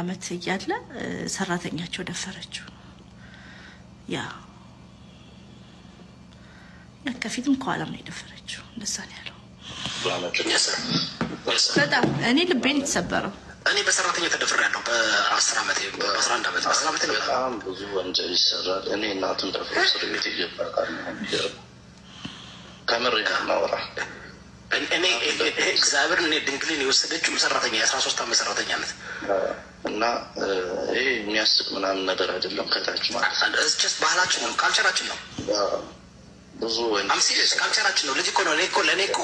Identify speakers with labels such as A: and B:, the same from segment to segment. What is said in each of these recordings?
A: ዓመት እያለ ሰራተኛቸው ደፈረችው። ያ ያ ከፊትም ከኋላም ነው የደፈረችው። እንደዛ ነው ያለው። በጣም እኔ ልቤን የተሰበረው
B: እኔ በሰራተኛ ተደፍሬያለሁ። በአስር ዓመት በአስራ አንድ ዓመት በአስራ ዓመት
C: በጣም ብዙ ወንጀል ይሰራል። እኔ እናቱን ደፍሮ እስር ቤት ይገባል። ከምር ያናወራ
B: እኔ እግዚአብሔር እኔ ድንግልን የወሰደችው ሰራተኛ የአስራ ሶስት አመት ሰራተኛ ናት።
C: እና ይሄ የሚያስቅ ምናምን ነገር አይደለም። ከታች
B: ማለት ባህላችን ነው፣ ካልቸራችን ነው። ብዙ ካልቸራችን ነው። ልጅ እኮ ነው። እኔ እኮ ለእኔ እኮ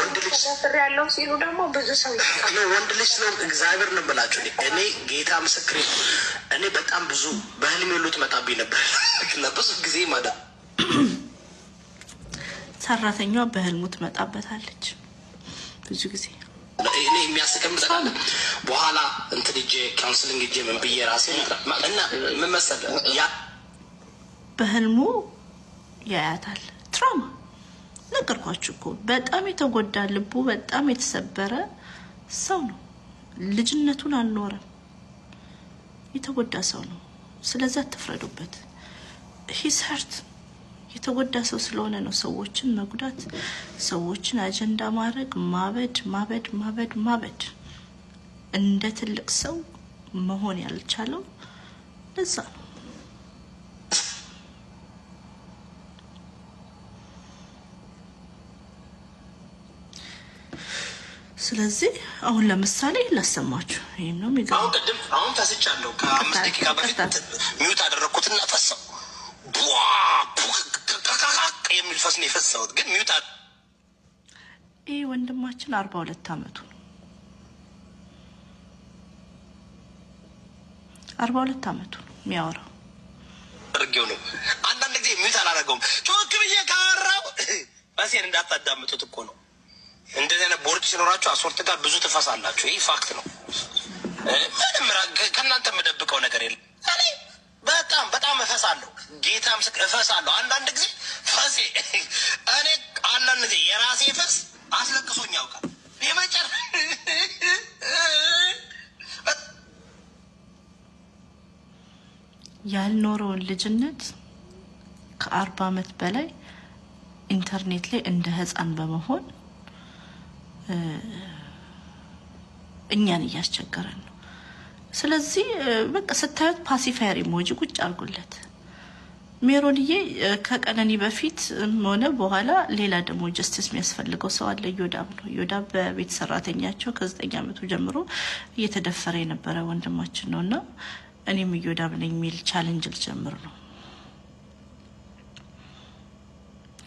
A: ወንድ ልጅ ያለው ሲሉ ደግሞ ብዙ ሰው
B: ወንድ ልጅ ስለ እግዚአብሔር ነው ብላችሁ እኔ ጌታ ምስክር። እኔ በጣም ብዙ በህልሜ ሁሉ መጣብኝ ነበር ለብዙ ጊዜ ማዳ
A: ሰራተኛዋ በህልሙ ትመጣበታለች። ብዙ ጊዜ
B: እኔ የሚያስቀምጥ በኋላ እንትን እጄ ካውንስሊንግ እጄ ምን ብዬ ራሴ እና ምን
A: በህልሙ ያያታል። ትራማ ነገርኳችሁ እኮ በጣም የተጎዳ ልቡ በጣም የተሰበረ ሰው ነው። ልጅነቱን አልኖረም። የተጎዳ ሰው ነው። ስለዚህ አትፍረዱበት። ሂስ ሀርት የተጎዳ ሰው ስለሆነ ነው። ሰዎችን መጉዳት፣ ሰዎችን አጀንዳ ማድረግ፣ ማበድ ማበድ ማበድ ማበድ እንደ ትልቅ ሰው መሆን ያልቻለው ለዛ ነው። ስለዚህ አሁን ለምሳሌ ላሰማችሁ። ይህም ነው የሚገርም።
B: አሁን ቅድም አሁን ፈስቻለሁ ከአምስት ደቂቃ በፊት ሚውት አደረግኩትና ፈሳው በቢልፋስ ነው የፈጸሙት። ግን ሚውጣ
A: ይህ ወንድማችን አርባ ሁለት አመቱ ነው። አርባ ሁለት አመቱ ነው የሚያወራው
B: አድርጌው ነው። አንዳንድ ጊዜ ሚውት አላደረገውም። ቾክ ብዬ ካወራው ራሴን እንዳታዳምጡት እኮ ነው። እንደዚህ አይነት ቦርድ ሲኖራችሁ አስወርት ጋር ብዙ ትፈሳላችሁ። ይህ ፋክት ነው። ምንም ከእናንተ የምደብቀው ነገር የለም። እኔ በጣም በጣም እፈሳለሁ። ጌታ ምስክር እፈሳለሁ። አንዳንድ ጊዜ ፈሴ እኔ አለንዜ የራሴ ፍስ አስለቅሶኝ ያውቃል። የመጨረ
A: ያልኖረውን ልጅነት ከአርባ አመት በላይ ኢንተርኔት ላይ እንደ ህፃን በመሆን እኛን እያስቸገረን ነው። ስለዚህ በቃ ስታዩት ፓሲፋየር ኢሞጂ ቁጭ አርጉለት። ሜሮንዬ ከቀነኒ በፊት ሆነ በኋላ ሌላ ደግሞ ጀስቲስ የሚያስፈልገው ሰው አለ። ዮዳብ ነው። ዮዳብ በቤት ሰራተኛቸው ከዘጠኝ አመቱ ጀምሮ እየተደፈረ የነበረ ወንድማችን ነው እና እኔም ዮዳብ ነኝ የሚል ቻለንጅ ልጀምር ነው።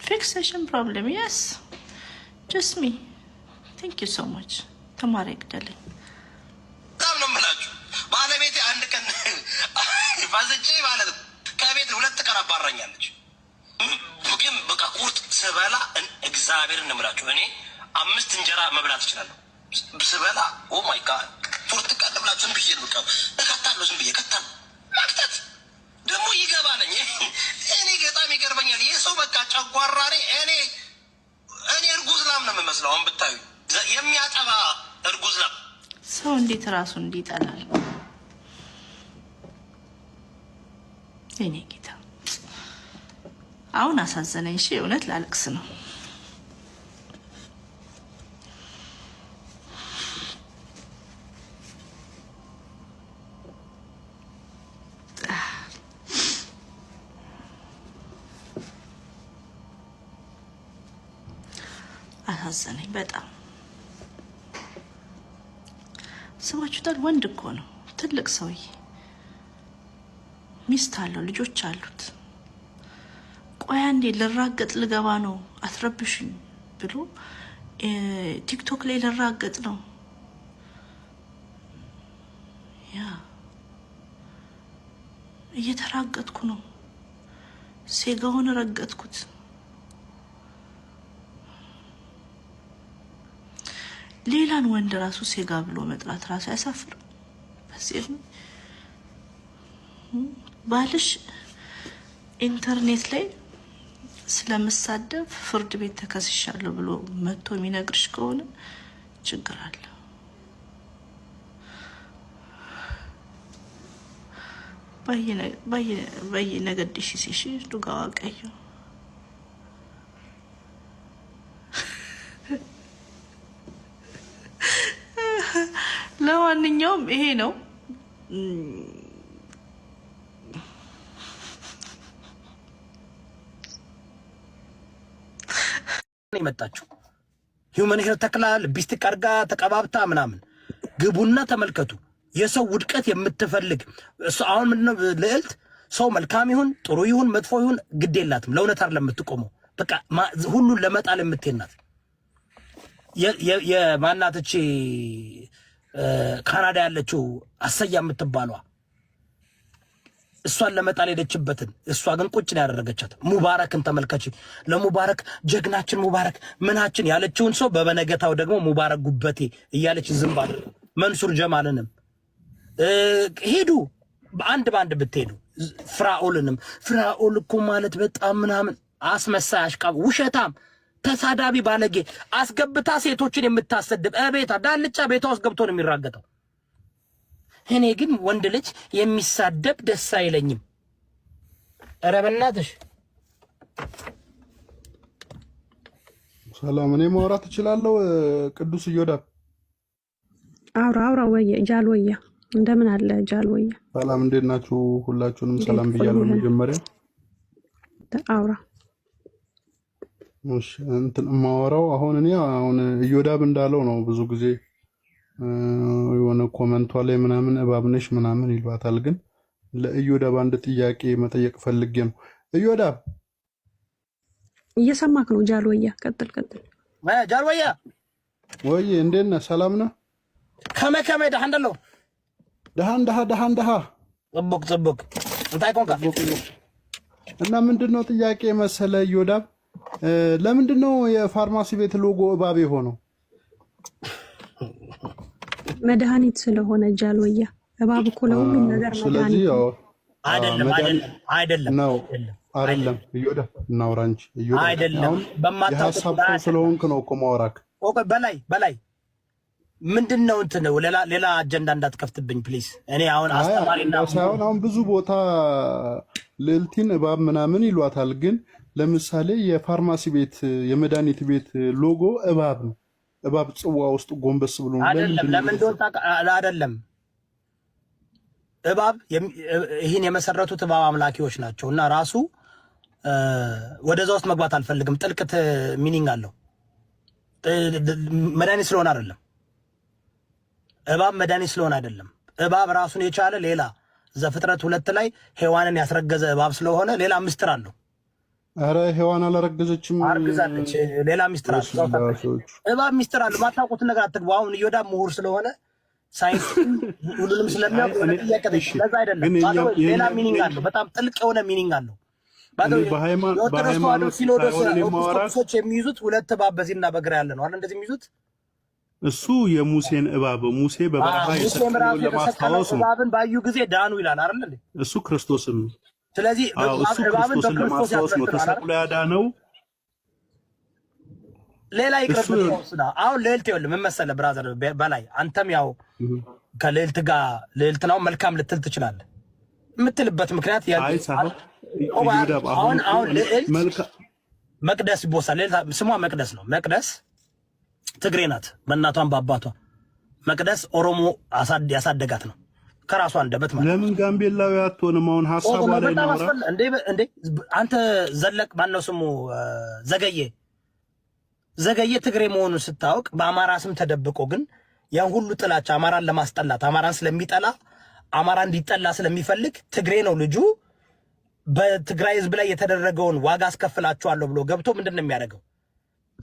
A: ፊክሴሽን ፕሮብለም የስ ጀስት ሚ ቴንክ ዩ ሶ ማች ተማሪ ይግደለኝ
B: በጣም ነው የምላችሁ ባለቤቴ አንድ ቀን ባዘቼ ማለት ነው ሴት ሁለት ቀን አባራኛለች። ግን በቃ ቁርጥ ስበላ እግዚአብሔር እንምላችሁ እኔ አምስት እንጀራ መብላት እችላለሁ። ስበላ ኦ ማይ ጋድ ቁርጥ ቀን ብላችሁ ዝም ብዬ ልብቃ እከታለሁ። ዝም ብዬ ከታ ማክተት ደግሞ ይገባለኝ። እኔ በጣም ይገርበኛል። ይህ ሰው በቃ ጨጓራሬ እኔ እኔ እርጉዝ ላም ነው የምመስለው። አሁን ብታዩ የሚያጠባ እርጉዝ ላም
A: ሰው እንዴት ራሱ እንዲጠላል የኔ ጌታ አሁን አሳዘነኝ። እሺ እውነት ላለቅስ ነው። አሳዘነኝ በጣም ስማችሁታል። ወንድ እኮ ነው ትልቅ ሰውዬ ሚስት አለው፣ ልጆች አሉት። ቆይ አንዴ ልራገጥ ልገባ ነው አትረብሽኝ ብሎ ቲክቶክ ላይ ልራገጥ ነው ያ እየተራገጥኩ ነው። ሴጋውን ረገጥኩት። ሌላን ወንድ ራሱ ሴጋ ብሎ መጥራት ራሱ ያሳፍር በዚህ ባልሽ ኢንተርኔት ላይ ስለምሳደብ ፍርድ ቤት ተከስሻለሁ ብሎ መጥቶ የሚነግርሽ ከሆነ ችግር አለ። በየነገድሽ ሲሽ ዱጋዋ ቀዩ ለማንኛውም ይሄ ነው።
B: ነው የመጣችው። ሂውመንሽን ተክላ ሊፕስቲክ አድርጋ ተቀባብታ ምናምን። ግቡና ተመልከቱ። የሰው ውድቀት የምትፈልግ አሁን ምንድነው ልዕልት ሰው መልካም ይሁን ጥሩ ይሁን መጥፎ ይሁን ግድ የላትም። ለእውነት አይደለም የምትቆመው። በቃ ሁሉን ለመጣል የምትናት ናት። የማናትቼ ካናዳ ያለችው አሰያ የምትባሏ እሷን ለመጣል ሄደችበትን እሷ ግን ቁጭ ነው ያደረገቻት። ሙባረክን ተመልከች። ለሙባረክ ጀግናችን ሙባረክ ምናችን ያለችውን ሰው በበነገታው ደግሞ ሙባረክ ጉበቴ እያለች ዝም ባለ መንሱር ጀማልንም ሄዱ አንድ በአንድ ብትሄዱ ፍራኦልንም ፍራኦል እኮ ማለት በጣም ምናምን አስመሳይ፣ አሽቃ፣ ውሸታም፣ ተሳዳቢ፣ ባለጌ አስገብታ ሴቶችን የምታሰድብ ቤታ ዳልጫ ቤቷ ውስጥ ነው የሚራገጠው። እኔ ግን ወንድ ልጅ የሚሳደብ ደስ አይለኝም። ኧረ በእናትሽ
D: ሰላም። እኔ ማውራት እችላለሁ። ቅዱስ እዮዳ
A: አውራ አውራ ወየ ጃል ወየ፣ እንደምን አለ ጃል ወየ።
D: ሰላም እንዴት ናችሁ? ሁላችሁንም ሰላም ብያለሁ። መጀመሪያ አውራ እሺ። እንትን ማወራው አሁን እኔ አሁን እዮዳብ እንዳለው ነው ብዙ ጊዜ የሆነ ኮመንቷ ላይ ምናምን እባብነሽ ምናምን ይሏታል። ግን ለእዮዳብ አንድ ጥያቄ መጠየቅ ፈልጌ ነው። እዮዳብ
A: እየሰማክ ነው? ጃልወያ ቀጥል ቀጥል።
B: ጃልወያ
D: ወይ እንዴት ነህ? ሰላም ነህ?
B: ከመይ ከመይ ደሃ እንደለው
D: ደሃ እንደሃ ደሃ እንደሃ
B: ጽቡቅ ጽቡቅ እንታይ ኮንካ
D: እና ምንድን ነው ጥያቄ መሰለ እዮዳብ፣ ለምንድን ነው የፋርማሲ ቤት ሎጎ እባብ የሆነው?
A: መድኃኒት ስለሆነ ጃልወያ እባብ እኮ ለሁሉም ነገር መድኃኒት
B: አይደለም አይደለም
D: ነው አይደለም እዮዳ እናውራ እንጂ አይደለም በማታውቀው ስለሆንክ ነው እኮ ማውራክ
B: በላይ በላይ ምንድን ነው እንትን ሌላ ሌላ አጀንዳ እንዳትከፍትብኝ ፕሊዝ እኔ አሁን
D: አስተማሪና ሳይሆን አሁን ብዙ ቦታ ልዕልቲን እባብ ምናምን ይሏታል ግን ለምሳሌ የፋርማሲ ቤት የመድኃኒት ቤት ሎጎ እባብ ነው እባብ ጽዋ ውስጥ ጎንበስ
B: ብሎ ለምን አይደለም። እባብ ይህን የመሰረቱት እባብ አምላኪዎች ናቸው እና ራሱ ወደዛ ውስጥ መግባት አልፈልግም። ጥልቅት ሚኒንግ አለው። መድኃኒት ስለሆነ አይደለም። እባብ መድኃኒት ስለሆነ አይደለም። እባብ ራሱን የቻለ ሌላ ዘፍጥረት ሁለት ላይ ሔዋንን ያስረገዘ እባብ ስለሆነ ሌላ ምስጢር አለው። አረ ሔዋን አላረገዘችም፣ አርግዛለች። ሌላ ሚስጥር እባብ ሚስጥር አለ። ባታውቁት ነገር አትግቡ። አሁን እዮዳ ምሁር ስለሆነ ሳይንስ ሁሉንም ስለሚያውቅ ለዛ አይደለም። ሌላ ሚኒንግ አለው። በጣም ጥልቅ የሆነ ሚኒንግ አለው። የኦርቶዶክስ ተዋሕዶ ሲኖዶሶች የሚይዙት ሁለት እባብ በዚህና በግራ ያለ ነው። አለ እንደዚህ የሚይዙት እሱ የሙሴን እባብ ሙሴ በበረሃ የሰቀለውን ለማስታወስ ነው። እባብን ባዩ ጊዜ ዳኑ ይላል አይደል? እሱ ክርስቶስም ስለዚህ እሱ ክርስቶስን ለማስታወስ ነው ተሰቅሎ ያዳነው። ሌላ ይቅርብ ስዳ አሁን ልዕልት ይኸውልህ ምን መሰለህ ብራዘር በላይ አንተም ያው ከልዕልት ጋር ልዕልት ነው መልካም ልትል ትችላለህ። የምትልበት ምክንያት አሁን አሁን ልዕልት መቅደስ ቦሳ ስሟ መቅደስ ነው። መቅደስ ትግሬ ናት በእናቷም በአባቷ። መቅደስ ኦሮሞ ያሳደጋት ነው ከራሱ አንደበት ማለት ለምን ጋምቤላዊ አትሆንም? አሁን ሀሳብ ላይ ነው እንዴ? እንዴ አንተ ዘለቅ ማነው ስሙ ዘገየ ዘገየ ትግሬ መሆኑን ስታውቅ በአማራ ስም ተደብቆ ግን ያን ሁሉ ጥላቻ አማራን ለማስጠላት አማራን ስለሚጠላ አማራ እንዲጠላ ስለሚፈልግ ትግሬ ነው ልጁ በትግራይ ህዝብ ላይ የተደረገውን ዋጋ አስከፍላችኋለሁ ብሎ ገብቶ ምንድን ነው የሚያደርገው?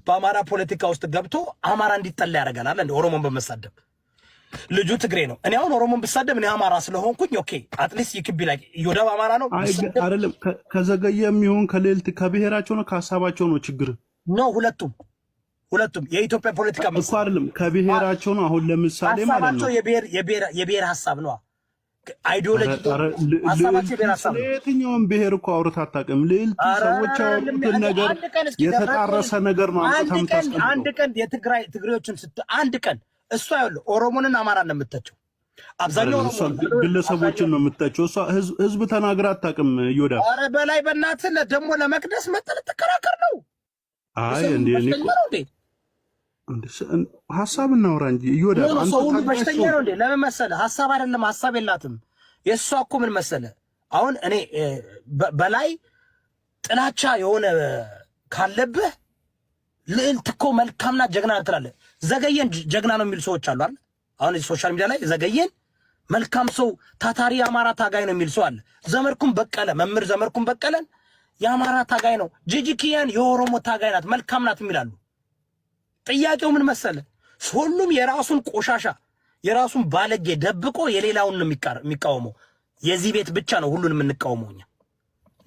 B: በአማራ ፖለቲካ ውስጥ ገብቶ አማራ እንዲጠላ ያደርጋል። እንደ ኦሮሞን በመሳደብ ልጁ ትግሬ ነው። እኔ አሁን ኦሮሞን ብሳደብ እኔ አማራ ስለሆንኩኝ ኦኬ አትሊስት ይክቢ ላይ ዮዳብ አማራ ነው አይደለም። ከዘገየ የሚሆን ከሌልት ከብሔራቸው ነው ከሀሳባቸው ነው ችግር ነው። ሁለቱም ሁለቱም የኢትዮጵያ ፖለቲካ እኮ አይደለም ከብሔራቸው ነው። አሁን ለምሳሌ ማለት ነው የብሔር ሀሳብ ነው አይዲዮሎጂ የትኛውን ብሔር እኮ አውርታ አታውቅም። ልዕልት ሰዎች ያወጡትን ነገር የተጣረሰ ነገር ነው። አንድ ቀን የትግራይ ትግሬዎችን ስ አንድ ቀን እሱ ያለ ኦሮሞንን አማራን ነው የምታቸው። አብዛኛው ግለሰቦችን ነው የምታቸው። እሷ ህዝብ ተናግራ አታውቅም። ይወዳ አረ በላይ በእናት ደግሞ ለመቅደስ መጠን ትከራከር ነው። አይ እንዴ ሀሳብ እናውራ እንጂ ይወዳ ሰው በሽተኛ ነው እንዴ? ለምን መሰለ ሀሳብ አይደለም ሀሳብ የላትም። የእሷ እኮ ምን መሰለ አሁን እኔ በላይ ጥላቻ የሆነ ካለብህ ልዕልት እኮ መልካምና ጀግና ትላለህ። ዘገየን ጀግና ነው የሚሉ ሰዎች አሉ አይደል? አሁን ሶሻል ሚዲያ ላይ ዘገየን መልካም ሰው፣ ታታሪ የአማራ ታጋይ ነው የሚል ሰው አለ። ዘመድኩን በቀለ መምህር ዘመድኩን በቀለን የአማራ ታጋይ ነው፣ ጂጂኪያን የኦሮሞ ታጋይ ናት፣ መልካም ናት የሚላሉ። ጥያቄው ምን መሰለ? ሁሉም የራሱን ቆሻሻ የራሱን ባለጌ ደብቆ የሌላውን ነው የሚቃወመው። የዚህ ቤት ብቻ ነው ሁሉን የምንቃወመው እኛ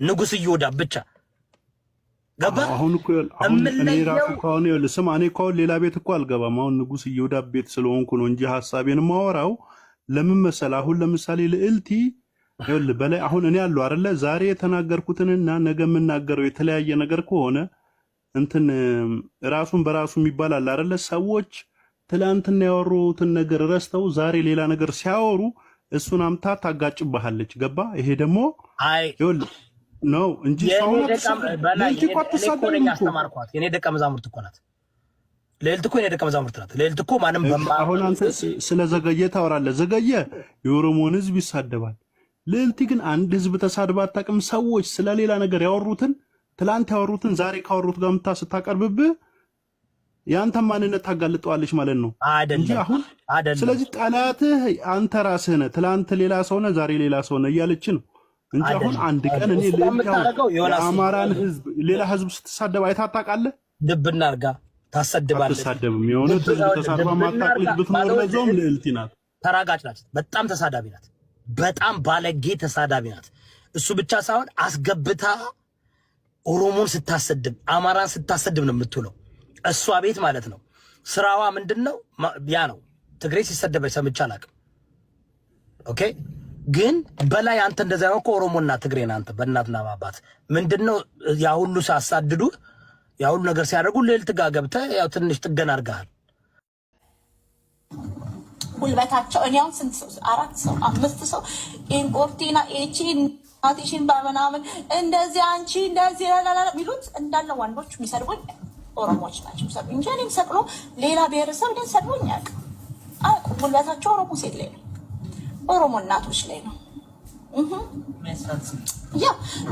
B: ንጉስ ይሁዳ ብቻ አሁን እኮ እኔ ራሱ ከሆነ ይኸውልህ ስማ፣ እኔ ሌላ ቤት እኮ አልገባም። አሁን ንጉስ እየወዳ ቤት ስለሆንኩ ነው እንጂ ሀሳቤን ማወራው ለምን መሰል፣ አሁን ለምሳሌ ልዕልቲ ይኸውልህ በላይ አሁን እኔ አለሁ አይደለ፣ ዛሬ የተናገርኩትንና ነገ የምናገረው የተለያየ ነገር ከሆነ እንትን ራሱን በራሱ የሚባል አለ አይደለ፣ ሰዎች ትላንትና ያወሩትን ነገር ረስተው ዛሬ ሌላ ነገር ሲያወሩ እሱን አምታ ታጋጭባሃለች። ገባ? ይሄ ደግሞ ይኸውልህ ነው እንጂ ልዕልት እኮ አትሳደብም የኔ ደቀ መዛሙርት እኮ ናት ልዕልት እኮ የኔ ደቀ መዛሙርት ናት ልዕልት እኮ ማንም። አሁን አንተ ስለ ዘገየ ታወራለህ። ዘገየ የኦሮሞን ህዝብ ይሳደባል። ልዕልቲ ግን አንድ ህዝብ ተሳድባ አታውቅም። ሰዎች ስለ ነገር ያወሩትን ትላንት ያወሩትን ዛሬ ካወሩት ጋር ምታ ስታቀርብብህ የአንተን ማንነት ታጋልጠዋለች ማለት ነው እንጂ አሁን። ስለዚህ ጠላትህ አንተ ራስህ ነህ። ትላንት ሌላ ሰው ነህ፣ ዛሬ ሌላ ሰው ነህ እያለች ነው እንጂ አሁን አንድ ቀን እኔ የአማራን ህዝብ ሌላ ህዝብ ስትሳደብ አይተህ ታውቃለህ? ልብ እናድርጋ ታሰድባለች። አትሳደብም። የሆነ ህዝብ ተሳድባ ማታቅ ብትኖር ለዞም ልዕልቲ ናት። ተራጋጭ ናት። በጣም ተሳዳቢ ናት። በጣም ባለጌ ተሳዳቢ ናት። እሱ ብቻ ሳይሆን አስገብታ ኦሮሞን ስታሰድብ፣ አማራን ስታሰድብ ነው የምትውለው እሷ ቤት ማለት ነው። ስራዋ ምንድን ነው? ያ ነው። ትግሬ ሲሰደበች ሰምቼ አላውቅም። ኦኬ ግን በላይ አንተ እንደዛ ነው እኮ ኦሮሞና ትግሬን አንተ በእናትና ባባት ምንድን ነው ያ ሁሉ ሳሳድዱ ያ ሁሉ ነገር ሲያደርጉ ልል ትጋ ገብተህ ያው ትንሽ ጥገና አድርገሃል። ጉልበታቸው እኔ አሁን ስንት ሰው አራት ሰው አምስት ሰው ኢንቆርቲና ኤቺ ናቲሽን በምናምን እንደዚህ አንቺ እንደዚህ ሚሉት እንዳለ ወንዶች የሚሰድቡኝ ኦሮሞዎች ናቸው የሚሰድቡኝ እንጂ እኔም ሰቅሎ ሌላ ብሔረሰብ ግን ሰድቦኝ አያውቅም። ጉልበታቸው ኦሮሞ ሴት ላይ ነው ኦሮሞ እናቶች ላይ ነው። ያ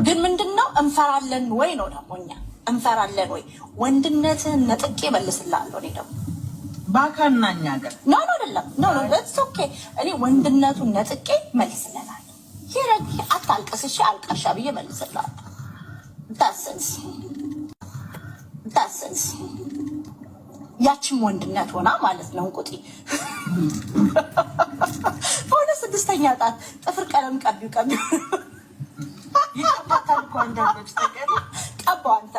B: ግን ምንድን ነው እንፈራለን ወይ ነው ደግሞ እኛ እንፈራለን ወይ? ወንድነትህን ነጥቄ እመልስልሃለሁ። እኔ ደግሞ ባካና እኛ ገር ኖ ኖ ኖ ኖ እኔ ወንድነቱን ነጥቄ መልስለናል። ይረ አታልቀስሽ አልቀሻ ብዬ መልስልሃለሁ። ዳስንስ ዳስንስ ያችም ወንድነት ሆና ማለት ነው እንቁጢ ስድስተኛ ጣት ጥፍር ቀለም ቀቢው ቀቢው ቀባው አንተ